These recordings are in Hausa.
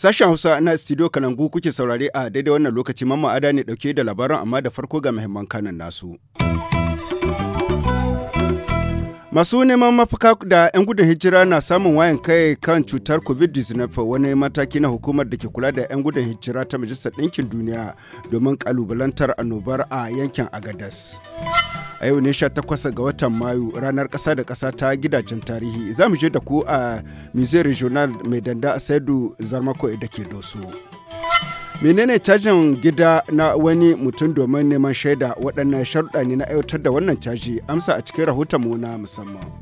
Sashen Hausa na studio Kalangu kuke saurare a daidai wannan lokaci mamma ada ne dauke da labaran amma da farko ga muhimman kanan nasu. Masu neman mafaka da 'yan gudun hijira na samun wayan kai kan cutar COVID-19 wani mataki na hukumar da ke kula da 'yan gudun hijira ta Majalisar Ɗinkin Duniya domin kalubalantar annobar a yankin Agadas. A yau ne 18 ga watan Mayu ranar ƙasa da ƙasa ta gidajen tarihi za mu je da ku a Musée Regional Mai Danda Saidu Zarmako da ke Doso. menene cajin gida na wani mutum domin neman shaida waɗannan sharuɗa ne na aiwatar da wannan caji amsa a cikin rahoton mu na musamman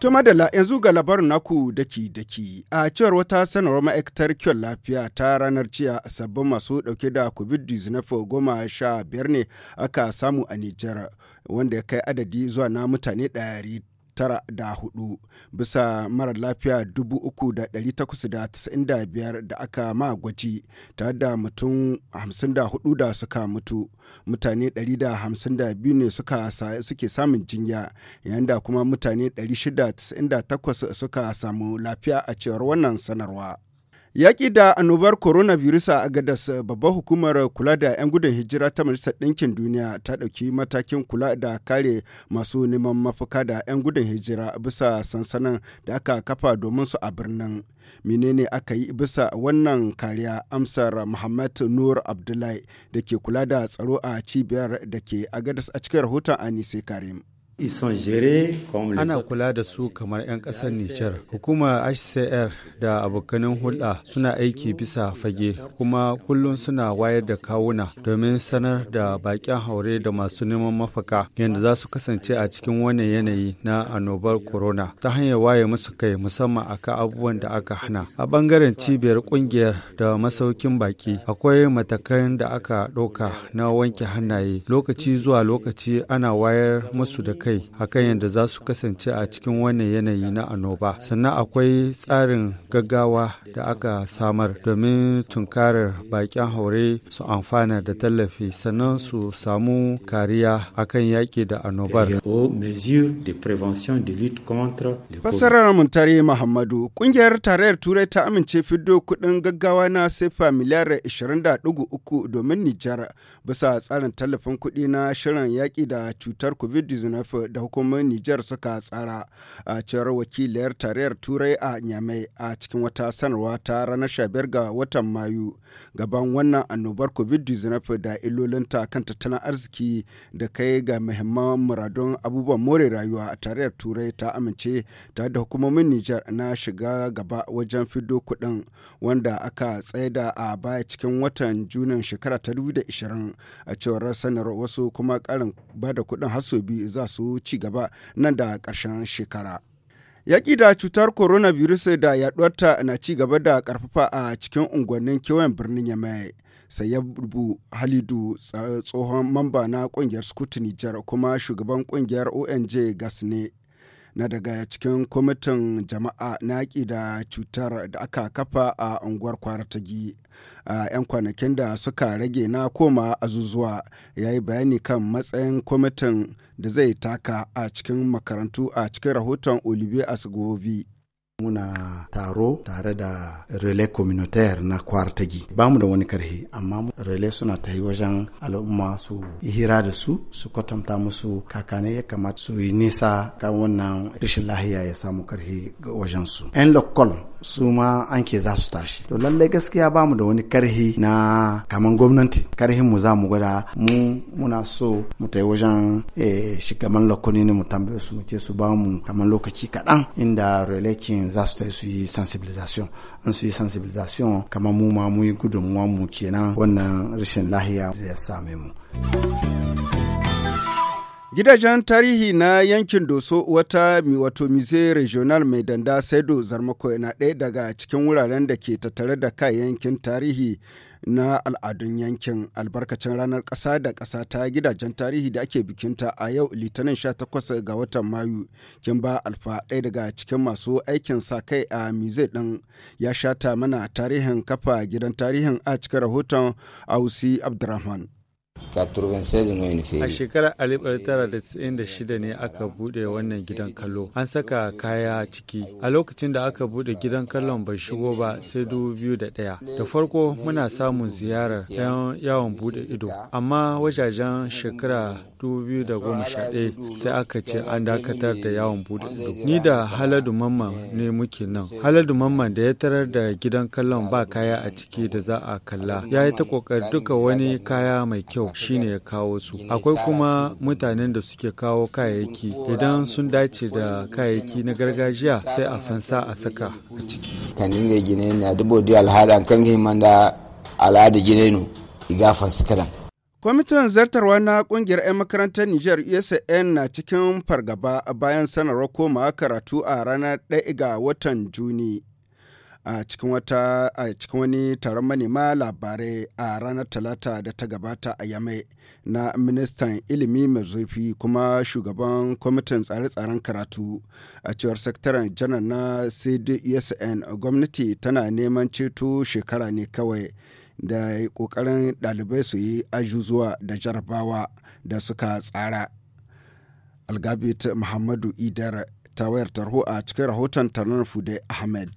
To madalla yanzu ga labarin naku daki daki a cewar wata sanarwar ma'aikatar kiwon lafiya ta ranar ciya sabbin masu dauke da covid-19 goma sha biyar ne aka samu a Nijar wanda ya kai adadi zuwa na mutane 100. tara da hudu bisa marar lafiya dubu uku da dari takwas da tasa'in da biyar da aka ma gwaji tare da mutum hamsin da hudu da suka mutu mutane dari da hamsin da biyu ne suka suke samun jinya yayin da kuma mutane dari shida tasa'in da takwas suka samu lafiya a cewar wannan sanarwa. Yaƙi da annobar coronavirus a gadas babbar hukumar kula da 'yan gudun hijira ta Majalisar Ɗinkin Duniya ta ɗauki matakin kula da kare masu neman mafaka da 'yan gudun hijira bisa sansanin da aka kafa domin su a birnin. Menene aka yi bisa wannan kariya amsar Muhammad Nur Abdullahi da ke kula da tsaro a cibiyar da ke Agadas a cikin rahoton Anise Karim. Ana kula da su kamar 'yan ƙasar Nijar. Hukumar HCR da abokanin hulɗa suna aiki bisa fage kuma kullum suna wayar da kawuna domin sanar da baƙin haure da masu neman mafaka yadda za su kasance a cikin wannan yanayi na annobar corona ta hanyar waye musu kai musamman akan abubuwan da aka hana. A ɓangaren cibiyar ƙungiyar da masaukin baƙi akwai matakan da aka ɗauka na wanke hannaye lokaci zuwa lokaci ana wayar musu da kai kai akan yadda za su kasance a cikin wannan yanayi na annoba sannan akwai tsarin gaggawa da aka samar domin tunkarar bakin haure su amfana da tallafi sannan su samu kariya akan yaƙi da annobar fassarar muntari muhammadu kungiyar tarayyar turai ta amince fiddo kuɗin gaggawa na sefa miliyar 20.3 domin nijar bisa tsarin tallafin kuɗi na shirin yaƙi da cutar covid-19 da hukumomin Nijar suka tsara a cewar wakiliyar tarayyar Turai a Nyamai a cikin wata sanarwa ta ranar 15 ga watan Mayu gaban wannan annobar COVID-19 da ta kan tattalin arziki da kai ga muhimman muradun abubuwan more rayuwa a tarayyar Turai ta amince tare da hukumomin Nijar na shiga gaba wajen fido kuɗin wanda aka tsaida a baya cikin watan Junin shekara ta 2020 a cewar sanarwa wasu kuma ƙarin bada kuɗin hasobi za su masu ci gaba nan da ƙarshen shekara. Yaƙi da cutar coronavirus da yaɗuwarta na ci gaba da ƙarfafa a cikin unguwannin kewayen birnin Yamai. rubu Halidu tsohon mamba na ƙungiyar Scout Jar, kuma shugaban ƙungiyar ONG Gas ne na daga cikin kwamitin jama'a na da cutar da aka kafa a unguwar kwaratagi a 'yan kwanakin da suka rage na koma azuzuwa ya yi bayani kan matsayin kwamitin da zai taka a cikin makarantu a cikin rahoton olivier asgovi muna taro tare da relais communautaire na kwartagi ba mu da wani karhe amma relais suna ta yi wajen al'umma su hira da su su kwatanta musu kakane ya kamata su yi nisa kan wannan rashin lahiya ya samu karhe wajen su yan lokal su ma an ke za su tashi to lallai gaskiya ba mu da wani karhe na kaman gwamnati karhin mu za mu gwada mu muna so mu ta yi wajen eh, shugaban lokoni ne mu tambaye su mu ce su ba mu kaman lokaci kaɗan inda relais za su yi sensibilisation an su yi sensibilisation kamar mu ma mu yi wa mu kenan wannan rashin lahiya da ya same mu. Gidajen tarihi na yankin Doso wata wato mise Regional mai danda Saido Zarmako na ɗaya daga cikin wuraren da ke tattare da kayayyakin tarihi na al'adun yankin albarkacin ranar ƙasa da ƙasa ta gidajen tarihi da ake bikinta a yau litinin 18 ga watan mayu kin ba alfa ɗaya daga cikin masu aikin sa kai a mize ɗin ya shata mana tarihin kafa gidan tarihin a cikin rahoton ausi abdurrahman A shekarar 1996 ne aka bude wannan gidan kallo. An saka kaya ciki. A lokacin da aka bude gidan kallon bai shigo ba sai 2001. Da farko muna samun ziyarar 'yan yawon bude ido. Amma wajajen shekara 2011 sai aka ce an dakatar da yawon bude ido. Ni da Haladu Mamman ne muke nan. Haladu Mamman da ya tarar da gidan kallon ba kaya a ciki da za a kalla. Ya yi ta kokar duka wani kaya mai kyau. shine ya kawo su akwai kuma mutanen da suke kawo kayayyaki idan sun dace da kayayyaki na gargajiya sai a fansa a saka a ciki kanin gine na dubo da alhada kan himan da al'ada gine nu fansa sakadan Kwamitin zartarwa na kungiyar 'yan makarantar Nijar ESN na cikin fargaba bayan sanarwar komawa karatu a ranar 1 ga watan Juni. a cikin wata a cikin wani taron manema labarai a ranar talata da ta gabata a yamai na ministan ilimi mai zurfi kuma shugaban kwamitin tsare-tsaren karatu a cewar sakataren janar na cdsn gwamnati tana neman ceto shekara ne kawai da kokarin ɗalibai su yi ajuzuwa da jarabawa da suka tsara algabit muhammadu idar ta wayar tarho a cikin rahoton tarnar fude ahmed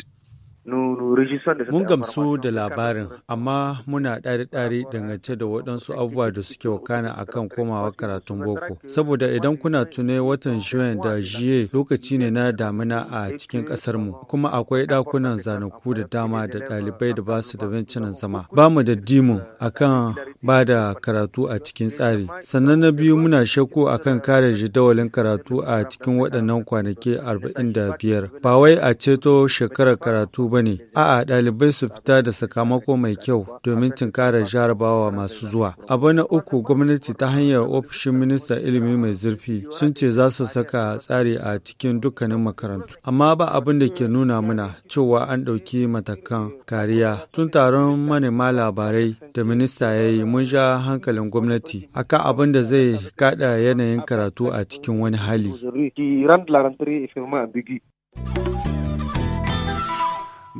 Mun gamsu da labarin, amma muna ɗari-ɗari dangance da waɗansu abubuwa da suke wakana a kan komawa karatun boko. Saboda idan kuna tune watan juin da jiye lokaci ne na damina a cikin ƙasarmu, kuma akwai ɗakunan zanaku da dama da ɗalibai da ba su da bincinan zama. Ba mu da dimu a kan ba da karatu a cikin tsari. Sannan na biyu muna shakku a kan kare jadawalin karatu a cikin waɗannan kwanaki arba'in da biyar. Ba wai a ceto shekarar karatu ba ba ne, a'a ɗalibai su fita da sakamako mai kyau domin tunkarar jarabawa masu zuwa. A na uku gwamnati ta hanyar ofishin minista ilimi mai zurfi sun ce za su saka tsari a cikin dukkanin makarantu. Amma ba abin da ke nuna mana cewa an ɗauki matakan kariya. Tun taron manema labarai da minista ya yi mun ja hankalin gwamnati akan abin da zai kada yanayin karatu a cikin wani hali.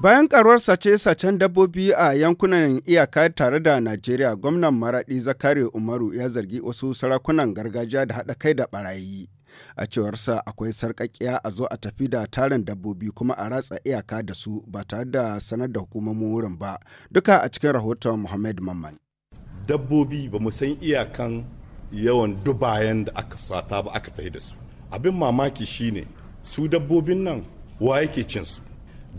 Bayan karuwar sace-sacen dabbobi a yankunan iyaka tare da Najeriya, gwamnan Maraɗi Zakari Umaru ya zargi wasu sarakunan gargajiya da haɗa kai da ɓarayi. A cewarsa akwai sarƙaƙiya a zo a tafi da tarin dabbobi kuma a ratsa iyaka da su ba tare da sanar da hukumomin wurin ba. Duka a cikin rahoton Muhammad Mamman. Dabbobi ba mu san iyakan yawan dubayen da aka sata ba aka tafi da su. Abin mamaki shine su dabbobin nan wa yake cin su?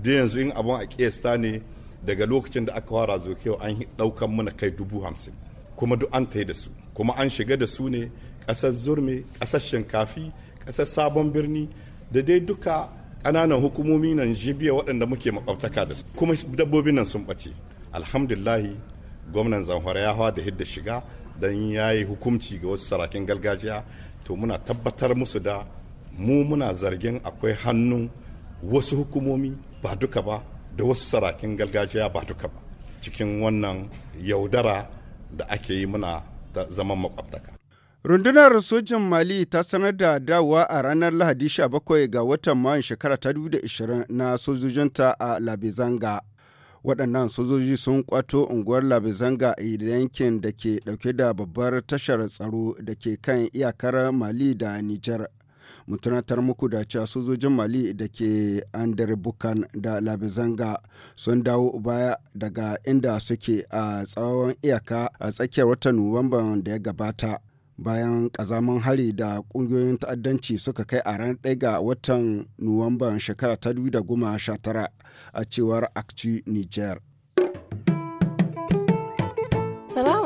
da yanzu in abun a kesta ne daga lokacin da aka fara zokewa an daukan mana kai dubu hamsin kuma duk an ta da su kuma an shiga da su ne ƙasar zurme ƙasar shinkafi ƙasar sabon birni da dai duka ƙananan hukumomi nan jibiya waɗanda muke makwabtaka da su kuma dabbobin nan sun ɓace alhamdulillahi gwamnan zamfara ya hawa da hidda shiga don ya yi hukumci ga wasu sarakin gargajiya to muna tabbatar musu da mu muna zargin akwai hannun wasu hukumomi ba duka ba da wasu sarakin gargajiya ba duka ba cikin wannan yaudara da ake yi muna da zaman makwabtaka. Rundunar sojin Mali ta sanar da dawowa a ranar Lahadi 17 ga watan Mayun shekara ta 2020 na sojojinta a Labizanga. Waɗannan sojoji sun kwato unguwar Labizanga a yankin da ke ɗauke da babbar tashar tsaro da ke kan iyakar Mali da Nijar. mu tunatar muku da cewa sojojin mali da ke andar bukan da labizanga sun dawo baya daga inda suke a tsawon iyaka a tsakiyar watan nuwamban da ya gabata bayan kazaman hari da kungiyoyin ta'addanci suka kai a ranar ɗaya ga watan nuwamban shekara ta 2019 a cewar akci niger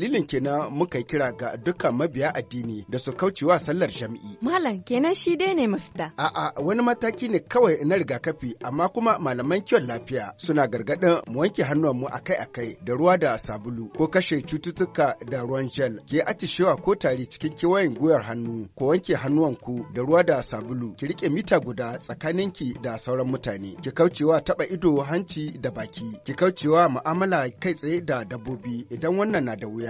dalilin kenan muka kira ga dukkan mabiya addini da su kaucewa sallar Jami'i. Malam kenan shi dai ne mafita. A'a wani mataki ne kawai na rigakafi amma kuma malaman kiwon lafiya suna gargaɗin mu wanke mu akai-akai da ruwa da sabulu ko kashe cututtuka da ruwan gel ke atishewa ko tari cikin kewayen guyar hannu ko wanke hannuwanku da ruwa da sabulu ki rike mita guda tsakaninki da sauran mutane ki kaucewa taba ido hanci da baki ki kaucewa mu'amala kai tsaye da dabbobi idan wannan na da wuya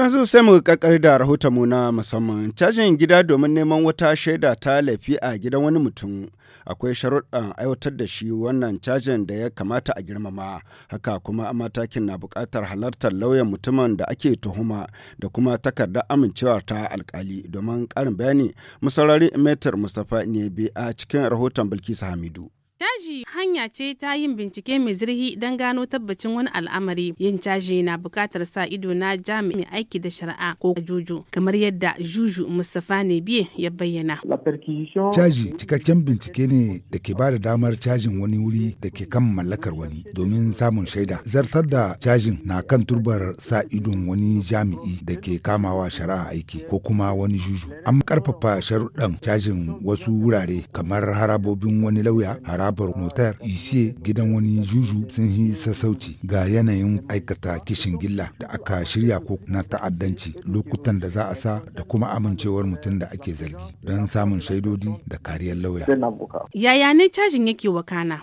yanzu sai mu kakar da rahotonmu na musamman cajin gida domin neman wata shaida ta laifi a gidan wani mutum akwai sharuɗan aiwatar da shi wannan cajin da ya kamata a girmama haka kuma matakin na buƙatar halartar lauyan mutumin da ake tuhuma da kuma takarda amincewar ta alkali domin ƙarin bayani Musaurari saurari metar mustapha ne a cikin rahoton bilkisu hamidu Caji hanya ce ta yin bincike mai zurfi don gano tabbacin wani al'amari. Yin caji na bukatar sa ido na jami'in aiki da shari'a ko juju kamar yadda juju mustafa ne biye ya bayyana. Caji cikakken bincike ne da ke ba da damar cajin wani wuri da ke kan mallakar wani domin samun shaida. Zartar da cajin na kan turbar sa idon wani jami'i da ke kamawa shari'a aiki ko kuma wani juju. An karfafa sharuɗan cajin wasu wurare kamar harabobin wani lauya, harabar motar isi gidan wani juju sun yi sassauci ga yanayin aikata kishin gilla da aka shirya ko na ta'addanci lokutan da za a sa da kuma amincewar mutum da ake zargi don samun shaidodi da kariyar lauya. Yaya ne cajin yake wakana?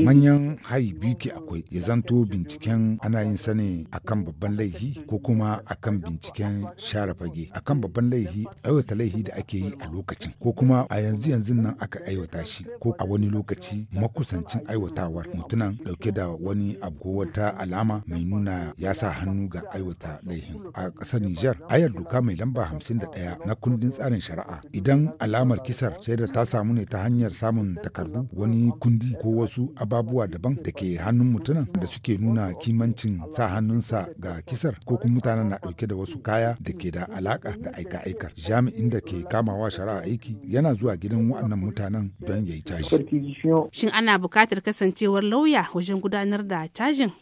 Manyan hai biyu ke akwai ya zanto binciken ana yin sani akan babban laihi ko kuma akan binciken share fage akan babban laihi aiwata laihi da ake yi a lokacin ko kuma a yanzu yanzu nan aka aiwata shi ko a wani lokaci lokaci makusancin aiwatawar mutunan dauke da wani abu wata alama mai nuna ya sa hannu ga aiwata laihin a ƙasar Nijar ayar doka mai lamba 51 na kundin tsarin shari'a idan alamar kisar shaidar ta samu ne ta hanyar samun takardu wani kundi ko wasu ababuwa daban da ke hannun mutunan da suke nuna kimancin sa hannunsa ga kisar ko kuma mutanen na dauke da wasu kaya da ke da alaka da aika-aikar jami'in da ke kamawa shari'a aiki yana zuwa gidan waɗannan mutanen don ya yi tashi. Shin ana buƙatar kasancewar lauya wajen gudanar da cajin?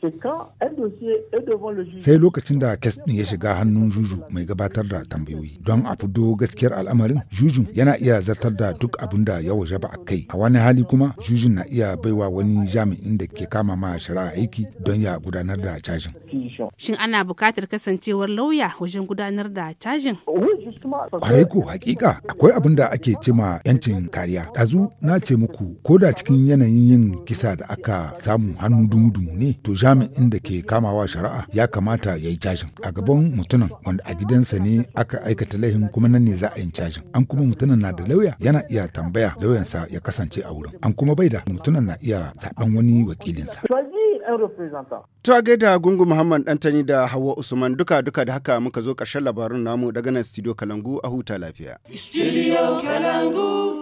Sai lokacin da kes ɗin ya shiga hannun juju mai gabatar da tambayoyi don a fito gaskiyar al'amarin juju yana iya zartar da duk abin da ya waje ba a kai. A wani hali kuma Juju na iya baiwa wani jami'in da ke kama ma shari'a aiki don ya gudanar da cajin. Shin ana buƙatar kasancewar lauya wajen gudanar da cajin? Kwarai ko hakika akwai abin da ake cema 'yancin kariya. dazu na ce muku ko da cikin yanayin yin kisa da aka samu hannu dumu-dumu ne to jami'in da ke kamawa shari'a ya kamata ya yi cajin a gaban mutumin wanda a gidansa ne aka aikata laifin kuma nan ne za a yi cajin an kuma mutumin na da lauya yana iya tambaya lauyansa ya kasance a wurin an kuma bai da mutumin na iya zaben wani wakilinsa To a gaida Gungu Muhammad Dantani da Hawa Usman duka duka da haka muka zo karshen labarun namu daga nan studio Kalangu a huta lafiya. Studio Kalangu.